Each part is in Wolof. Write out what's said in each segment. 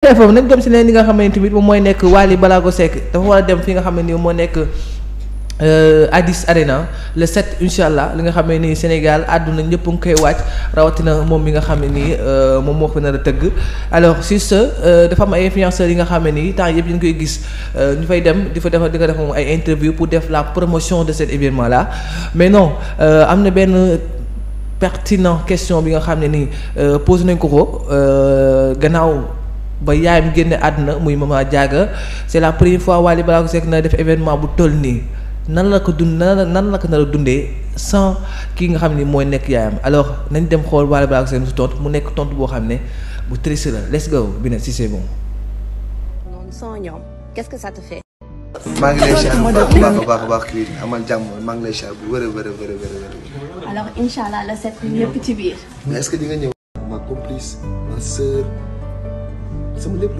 tey foofu nañ dem si leen li nga xam ne tamit moom mooy nekk Wally Balago Seck dafa war a dem fi nga xam ne nii moo nekk euh, Addis Arena le set incha allah li nga xam ne nii Sénégal àdduna ñëpp a ngi koy waaj rawatina moom mi nga xam ne nii euh, moom moo ko nar a tëgg. alors si ce euh, dafa am ay influenceurs yi nga xam ne nii temps yëpp ñu koy gis ñu fay dem di fa def ko def ay interview pour def la promotion de cet événement là mais non am na benn. pertinent question bi nga xam ne nii posé nañ ko ko gannaaw. ba yaayam génne àdduna muy mama jaaga c'est la première fois Wally Ballago Seck na def événement bu toll nii nan la ko dund nan nan la ko nar a dundee sans kii nga xam ni mooy nekk yaayam alors nañ dem xool Wally Ballago Seck su tontu mu nekk tontu boo xam ne bu triste la let's go bi ne si c'est bon. noonu sans que ça maa ngi lay kii amal jàmm maa ngi lay siyaar bu wërë wërë wërë wërë. ci biir. mais est-ce que sama lépp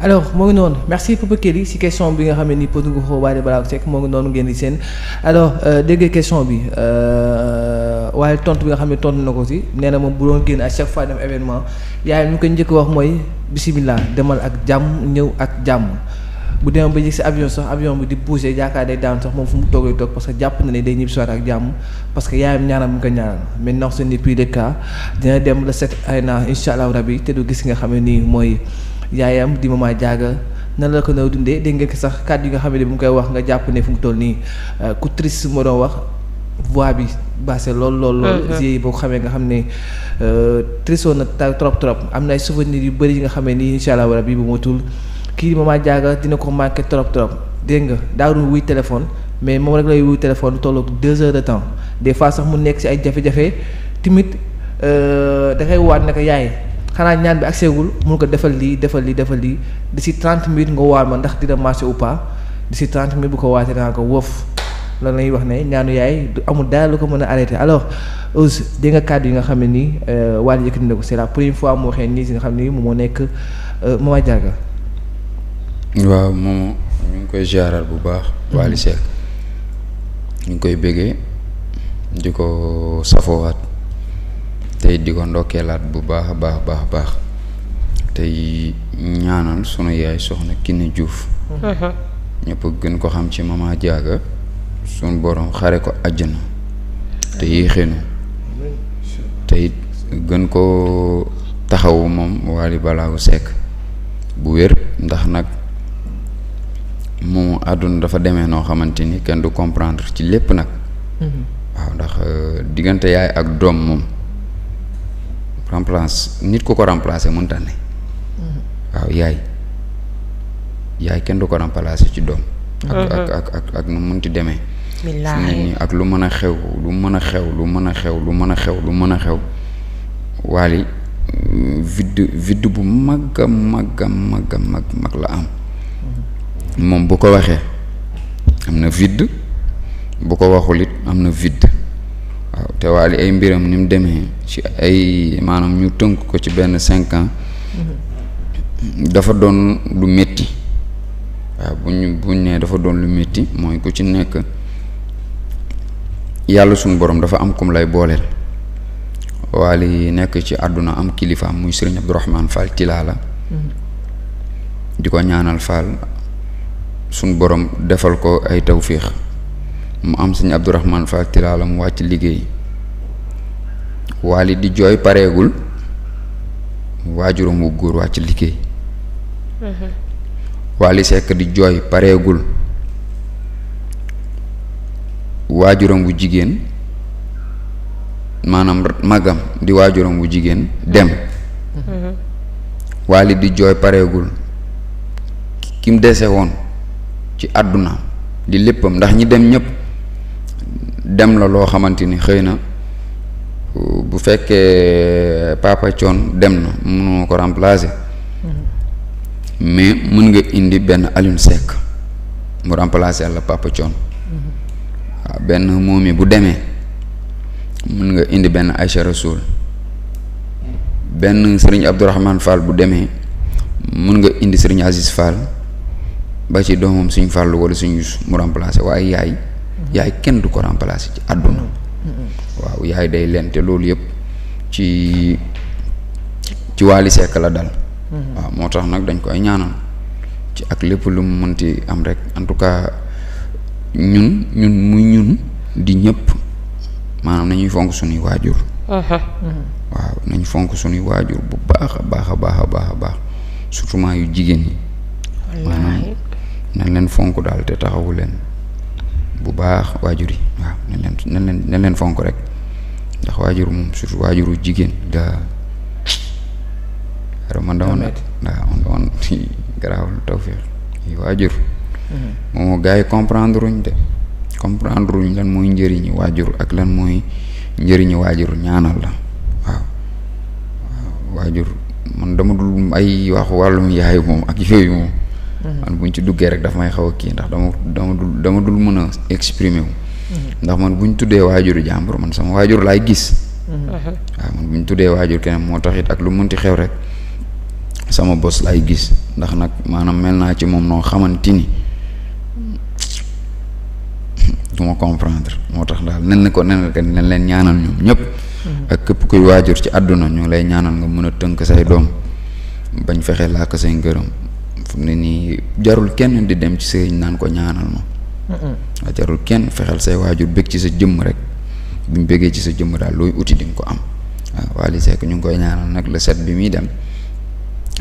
la euh. moo ngi noonu merci Papa Kelly si question bi nga xam ne nii Pod Ngoxo Wally Ballago Seck moo ngi noonu ngeen di seen alors euh, dégg question bi euh, waaye tontu bi nga xam ne tontu na ko si nee na moom bu doon génn à chaque fois dem événement yaay ñu koy njëkk wax mooy bisimilah demal ak jàmm ñëw ak jàmm. bu demee ba yëg si avion sax avion bi di bouger yaakaar day daanu sax moom fu mu toogee toog parce que jàpp na ne day ñibbi si waat ak jàmm parce que yaayam ñaanam mu ko ñaanal maintenant ce n'est plus le cas dina dem le sept ay na incha allah xam ne nii mooy yaayam di mama jaaga nan la ko na dundee dégg ngeen sax kàddu yi nga xam ne bu mu koy wax nga jàpp ne fu mu toll nii euh, ku triste moo doon wax voix bi baase lool lool lool yi mm-hmm. boo xamee nga xam ne euh, tristoon na trop trop am na ay souvenirs yu bëri yi nga xamee nii incha allah rabi bu matul kii Mama Diaga dina ko manqué trop trop dégg nga daawul wuy téléphone mais moom rek lay wuy téléphone tolloog deux heures de temps des fois sax mu nekk ci ay jafe-jafe timit euh, da ngay waat naka yaay xanaa ñaan bi agseegul mun ko defal lii defal lii defal lii d'ici trente minutes nga waat ma ndax dina marché ou pas d'ici trente minutes bu ko waatee naa ko woof loolu la ñuy wax ne ñaanu yaay du amul daal lu ko mën a arrêté alors Ouz di nga kàddu yi nga xam ne nii euh, Wally yëkkati na ko c'est la première fois mu waxee nii si nga xam ne nii moom moo nekk euh, Mama Diaga waaw moom ñu ngi koy ziaral bu baax Wally mm-hmm. Seck ñu ngi koy bëggee di ko safowaat tey di ko ndokkeelaat bu baax a baax baax baax tey ñaanal sunu yaay soxna Kiné juuf mm-hmm. ñëpp gën ko xam ci mama jaaga sunu borom xare ko àjjana te yéexeenu tey gën ko taxawu moom Wally Ballago Seck bu wér ndax nag moom àdduna dafa demee noo xamante ni kenn du comprendre ci lépp nag. Mm-hmm. waaw ndax euh, diggante yaay ak doom moom remplace nit ku ko remplacer mënta ne. Mm-hmm. waaw yaay yaay kenn du ko remplacer ci doom. ak mm-hmm. ak ak ak ak nu mu munti demee. billaahi ak lu mën a xew lu mën a xew lu mën a xew lu mën a xew lu mën a xew waali mm, vidde vidde bu mag a mag a mag a mag mag la am. moom bu ko waxee am na vide bu ko waxul it am na vide waaw te Wally ay mbiram ni mu demee ci ay maanaam ñu tënk ko ci benn cinq ans mhm. dafa doon lu metti waaw bu ñu bu ñu nee dafa doon lu métti mooy ku ci nekk yàlla suñu borom dafa am kum lay booleel Wally nekk ci àdduna am kilifaam muy Serigne Abdourahmane Fall Tilala mhm. di ko ñaanal Fall. suñ boroom defal ko ay tawféex mu am sëñ Abdourahmane Fall Tilala mu wàcc liggéey waali di jooy pareegul waajuram wu góor wàcc liggéey mm-hmm. waali sekk di jooy pareegul waajuram jigéen maanaam magam di waajuram wu jigéen dem mm-hmm. waali di jooy pareegul kim dese woon ci àdduna di léppam ndax ñi dem ñëpp dem la loo xamante ni xëy na euh, bu fekkee papa coon dem na mënoo ko remplacer mm-hmm. mais mën nga indi benn Alioune Seck mu remplacer la papa coon mm-hmm. waaw benn moomi bu demee mën nga indi benn Aïcha Rasoul benn Serigne Abdourahmane Fall bu demee mën nga indi Serigne Aziz Fall ba ci doomam suñ fàllu wala suñ yus mu remplacer waaye yaay yaay kenn du ko remplacer ci àdduna waaw yaay day leen te loolu yëpp ci ci Wally Seck la dal waaw moo tax nag dañ koy ñaanal ci ak lépp lu mu mënti am rek en tout cas ñun ñun muy ñun di ñëpp maanaam nañuy fonk suñuy waajur waaw nañ fonk suñuy waajur bu baax a baax a baax a baax a baax maa yu jigéen yi nañ leen fonk daal te taxawu leen bu baax waajur yi waaw nañ leen nañ leen nañ fonk rek ndax waajur moom surtout waajuru jigéen man dama nag waaw man dama garaawul tawféex yi waajur mhm. yi comprendre uñ de comprendre uñ lan mooy njëriñu waajur ak lan mooy njëriñu waajur ñaanal la waaw waaw waajur man dama dul ay waxu wàllum yaayu moom ak yooyu moom Mm-hmm. man bu ñu ci duggee rek daf may xaw a kii ndax dama dama dul dul mën a exprimer wu. Mm-hmm. ndax man bu ñu tuddee waajuru jàmbur man sama waajur laay gis. Mm-hmm. Uh-huh. waaw man bu ñu tuddee waajur keneen moo tax it ak lu mun mënti xew rek sama bos laay gis ndax nag maanaam mel naa ci moom noo xamante ni du ma comprendre moo tax daal nen na ko nen na nen leen ñaanal ñoom ñëpp. ak képp kuy waajur ci àdduna ñu lay ñaanal nga mën a tënk say doom bañ fexe làkk say ngërëm. fu nii jarul kenn di dem ci sëriñ naan ko ñaanal ma waaw jarul kenn fexeel say waajur bëgg ci sa jëmm rek buñ bëggee ci sa jëmm daal looy uti di nga ko am waaw Wally Seck ñu ngi koy ñaanal nag le set bi muy dem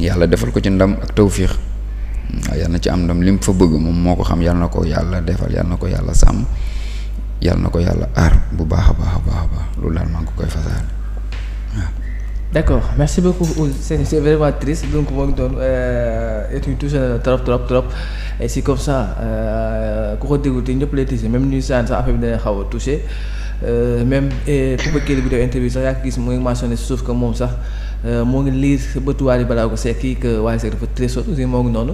yàlla defal ko ci ndam ak tawfiix waaw yàlla na ci am ndam li mu fa bëgg moom moo ko xam yàlla na ko yàlla defal yàlla na ko yàlla sàmm yàlla na ko yàlla aar bu baax a baax a baax a loolu daal maa ko koy fasaale waaw d'accord merci beaucoup Ouz c'est c'est vraiment triste donc moo ngi doon étude trop trop trop et euh, ku ko déglu te ñëpp lay touché même ñu saan sax affaire bi dana xaw euh, même Papa Kelly bi gis mu ngi mentionné si suuf que moom sax euh, moo ngi liir sa bëtu Wally Ballago Seck kii que Wally moo noonu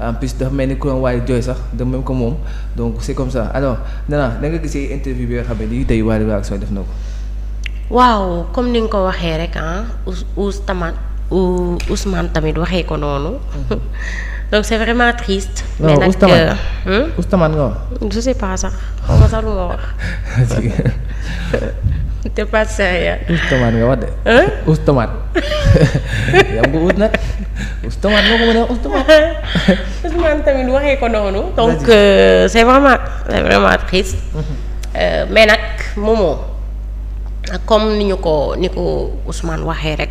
en plus dafa mel ni ku doon Wally sax de même que moom donc c'est comme sa alors Nana da nga gisee interview bi nga xam ne lii tey Wally Ballago Seck def na ko. waaw comme ni nga ko waxee rek ah Ous Ous Tamane tamit waxee ko noonu mhm. donc c'est vraiment triste. mais nag euh, hmm? nga wax. je sais sax ma sax lu ma wax. nga wax de. Ous Tamane ko ut nag Ous Tamane ko mën a Ous Tamane. Ousmane tamit waxee ko noonu. donc euh, c'est vraiment c'est vraiment triste. Mhm. Euh, mais nag moomoo. comme ni ñu ko ni ko Ousmane waxee rek.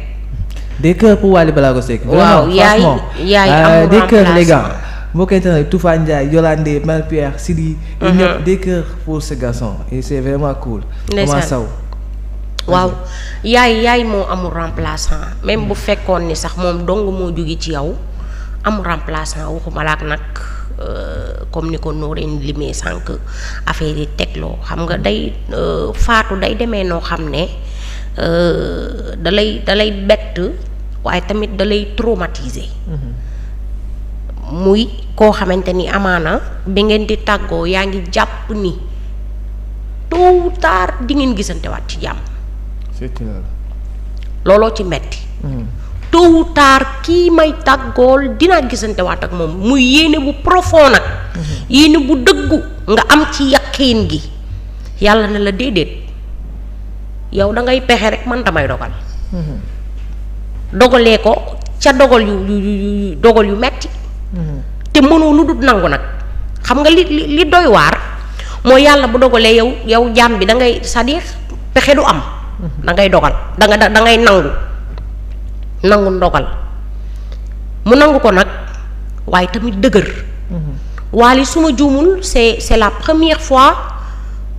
des cœurs pour Wally Ballago Seck. waaw yaay yaay euh, amul remplacement mhm. pour ce garçon et c' est vraiment waaw yaay yaay moo amul remplaçant même bu fekkoon ni sax moom dong moo jóge ci yow amul remplaçant waxuma la ak nag. Euh, comme ni ko Noreen limee sànq affaire yi tegloo xam nga day euh, faatu day demee noo xam ne euh, da lay bett waaye tamit da lay muy koo xamante ni amaana bi ngeen di tàggoo yaa ngi jàpp ni tôt di ngeen gisantewaat ci jàmm. looloo ci metti mm. tôt ou kii may tàggool dinaa gisante waat ak moom muy yéene bu profond nag mhm. yéene bu dëggu nga am ci yaqin gi yàlla ne la déedéet yow dangay pexe rek man damay dogal mhm. dogale ko ca dogal yu yu dogal yu metti mhm. te mënoo lu dul nangu nag xam nga li li doy waar mooy yàlla bu dogalee yow yow jaam bi da ngay cest à pexe du am da ngay dogal da nga nangu nangu ndogal mu nangu ko nag waaye tamit dëgër mhm. waali su ma juumul c'est c'est la première fois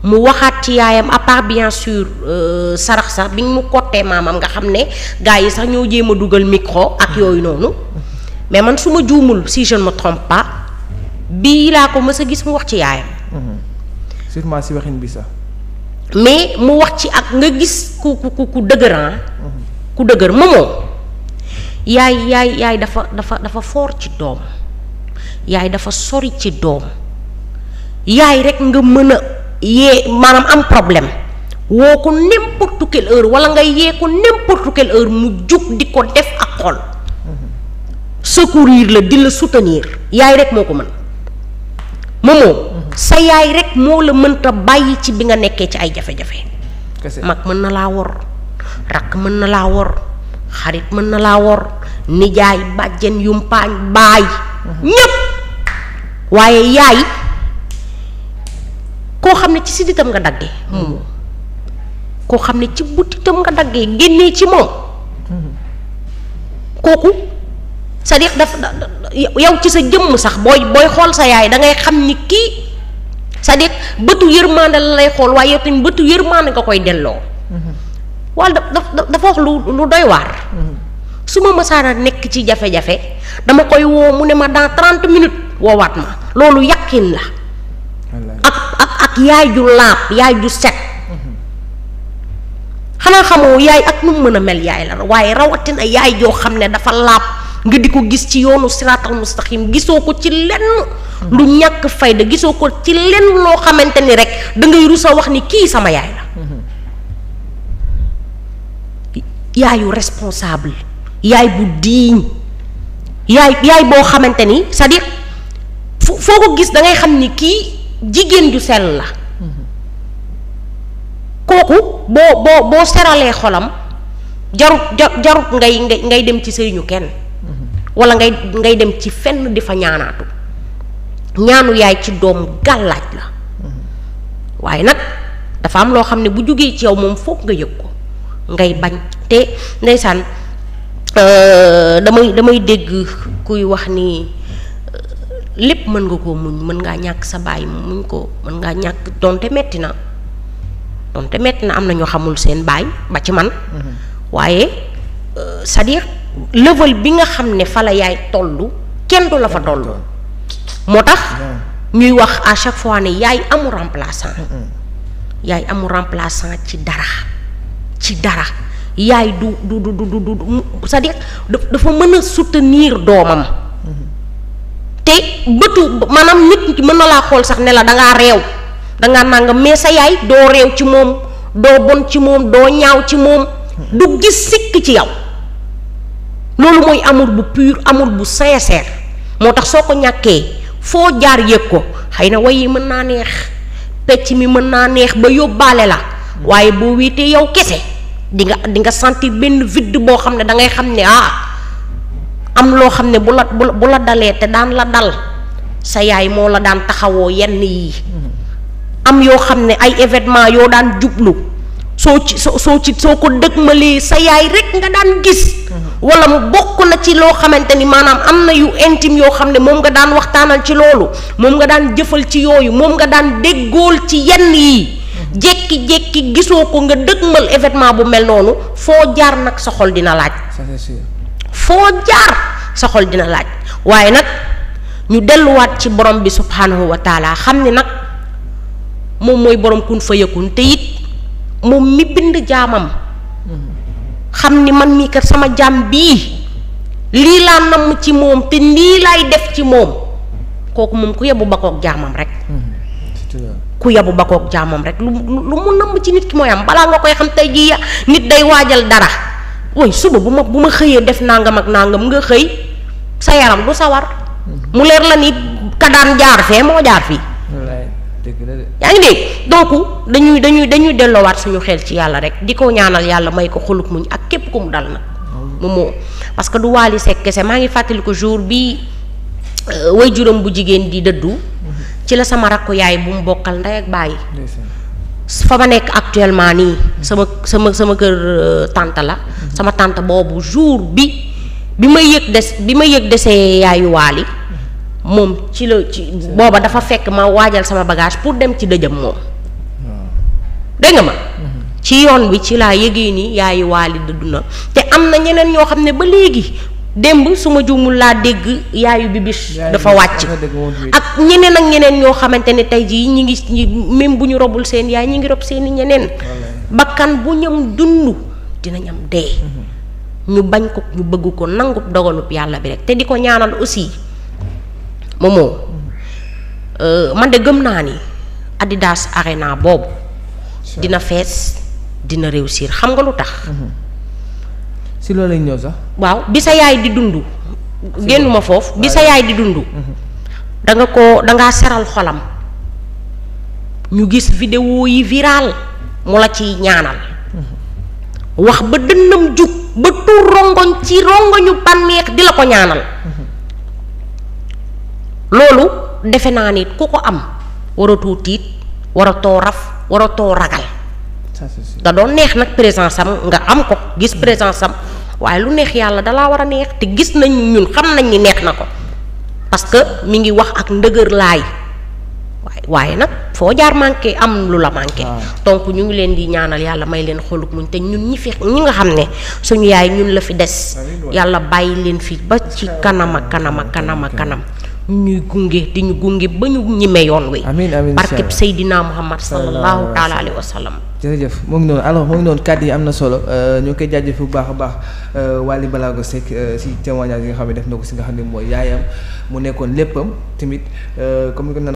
mu waxaat ci yaayam à part bien sûr euh, sarax sax bi mu kottee maamam nga xam ne gars yi sax ñoo jéem a dugal micro ak yooyu noonu mais man su ma juumul si je ne me trompe bii laa ko mës a gis mu wax ci yaayam mhm. sûrement si waxin bi sax mais mu wax ci ak nga gis ku ku ku dëgëran ku dëgër ah. moomoo mhm. yaay yaay yaay dafa dafa dafa foor ci doom yaay dafa sori ci doom yaay rek nga mën a yee maanaam am problème woo ko n'importe quelle heure wala nga yee ko n'importe quelle heure mu jug di ko def ak xol secourir la di la soutenir yaay rek moo ko mën moomoo sa yaay rek moo la mënta bàyyi ci bi nga nekkee ci ay jafe-jafe mag mën na laa wor rakk mën na laa wor xarit mën na laa wor nijaay bàjjen yumpaañ baay ñépp waaye yaay koo xam ne ci sidditam nga daggee moom xam ne ci butitam nga ci moom kooku c'est-à-dire daf yow ci sa jëmm sax booy booy xool sa yaay dangay xam ni kii c'est-à-dire bëtu yërmande la lay xool waaye yow tamit bëtu yërmande nga koy delloo wala da dafa wax lu lu doy waar. Mm-hmm. su ma mësaana nekk ci jafe-jafe dama koy woo mu ne ma dans trente minutes woowaat ma loolu yàqin la. ak ak ak yaay ju laab yaay ju set. Mm-hmm. xanaa xamoo yaay ak nu mu mën a mel yaay la waaye rawatina yaay joo xam ne dafa laab nga di ko gis ci yoonu siraatal mustaqim gisoo ko ci lenn. Mm-hmm. lu ñàkk fayda gisoo ko ci lenn loo xamante ni rek da ngay rusa wax ni kii sama yaay yaayu responsable yaay bu diiñ yaay yaay boo xamante ni cest foo ko gis dangay xam ni kii jigéen ju sell la kooku boo boo boo seralee xolam jarut jarut ngay ngay dem ci sëriñu kenn wala ngay ngay dem ci fenn di fa ñaanaatu ñaanu yaay ci doom gàllaaj la waaye nag dafa am loo xam ne bu jógee ci yow moom foog nga yëg ko ngay bañ te ndeysaan euh, damay damay dégg kuy wax ni euh, lépp mën nga koo muñ mën ngaa ñàkk sa baay muñ ko mën ngaa ñàkk donte metti na doonte metti na am na ñoo xamul seen baay ba ci man mm-hmm. waaye sa à dire bi nga xam ne fala yaay tollu kenn du la fa toll moo tax mm-hmm. ñuy wax à chaque fois ne yaay amul remplaçant mm-hmm. yaay amul remplaçant ci dara ci dara yaay du du du du du c'est-à-dire dafa mën a soutenir doomam ah. te bëtu maanaam nit mën na laa xool sax ne la da ngaa réew da ngaa nangam mais sa yaay doo réew ci moom doo bon ci moom doo ñaaw ci moom du gis sikk ci yow loolu mooy amul bu pur amul bu sincère moo tax soo ko ñàkkee foo jaar yëg ko xëy na wayi mën naa neex pecc mi mën naa neex ba yóbbaale la waaye boo wiitee yow kese dinga nga di nga sentir benn vide boo xam ne da ngay xam ne ah am loo xam ne bu la bu la dalee te daan la dal sa yaay moo la daan taxawoo yenn yi am yoo xam ne ay événement yoo daan jublu soo ci soo soo ci soo ko dëgmalee sa yaay rek nga daan gis wala mu bokk na ci loo xamante ni maanaam am na yu intime yoo xam ne moom nga daan waxtaanal ci loolu moom nga daan jëfal ci yooyu moom nga daan déggool ci yenn yi jékki-jékki gisoo ko nga dëgmal événement bu mel noonu foo jaar nag sa xol dina laaj. foo jaar sa xol dina laaj waaye nag ñu delluwaat ci borom bi subhaanahu wa xam ni nag moom mooy borom kun fa yëkkun te it moom mi bind jaamam xam ni man mii kat sama jaam bii lii laa namm ci moom te nii laay def ci moom kooku moom ku yebu ba kook jaamam rek. Mm-hmm. ku yabu ba kook jaamam rek lu lu mu namm ci nit ki mooy am balaa nga koy xam tey jii nit day waajal dara woy suba bu ma bu ma xëyee def nangam ak nangam nga xëy sa yaram du sawar mu leer la ni ka daan jaar fee moo jaar fii donc dañuy dañuy dañuy delloowaat suñu xel ci yàlla rek di ko ñaanal yàlla may ko xoluk muñ ak képp ku mu dal nag moom moo parce que du Wally Seck kese maa ngi fàttali jour bi euh, way juróom bu jigéen di dëddu ci la sama rakku yaay bu mu bokkal ndey ak bàyyi fa ma nekk actuellement nii mm. sama sama sama kër euh, tante la mm. sama tante boobu jour bi bi ma yëg des bi ma yëg desee yaayu waali mm. moom ci la ci booba dafa fekk ma waajal sama bagage pour dem ci dëjëm moom dégg ma mm-hmm. ci yoon wi ci laa yëgee ni yaayu waali dëddu na te am na ñeneen ñoo xam ne ba léegi démb su ma juumul laa dégg yaayu bi bis dafa wàcc ak ñeneen ak ñeneen ñoo xamante ne tey jii ñi ngi même bu ñu robul seen yaay ñi ngi rob seeni ñeneen bakkan bu ñam dund dina ñam dee mm-hmm. ñu bañ ko ñu bëgg ko nangu dogalub yàlla bi rek te di ko ñaanal aussi moomoo mm-hmm. euh, man de gëm naa ni Adidas Arena boobu dina fees dina réussir xam nga lu tax mm-hmm. si loolu lañ waaw bi sa yaay di dund. génnuma foofu bi sa yaay di dund. Mhm. danga ko da seral xolam. ñu gis video yi viral mu la ciy ñaanal. Mhm. wax ba dënnam jug ba tuur rongoñ ci rongoñu bànneex di la ko ñaanal. Mhm. loolu defe naa nit ku ko am waratoo tiit waratoo raf waratoo ragal. da doon neex nag présence am nga am ko gis présence am waaye lu neex yàlla dalaa war a neex te gis nañ ñun xam nañ ni neex na ko parce que mi ngi wax ak ndëgër laay waaye waaye nag foo jaar manqué am lu la manqué. donc ñu ngi leen di ñaanal yàlla may leen xoluk muñ te ñun ñi fi ñi nga xam ne suñu yaay ñun la fi des. yàlla bàyyi leen fii ba ci kanam a kanam a kanam kanam. ñuy gunge di ñu gunge ba ñu ñime yoon wi. amiin amiin barkeb Seydina Muhammad sallallahu taala alayhi wa sallam. jërëjëf ngi noonu alors mu ngi noonu kàddu yi am na solo euh, ñu ngi koy jaajëf bu baax a baax euh, Waly Balago Seck euh, si témoignage yi nga xam ne def na ko si nga xam ne mooy yaayam mu nekkoon léppam tamit comme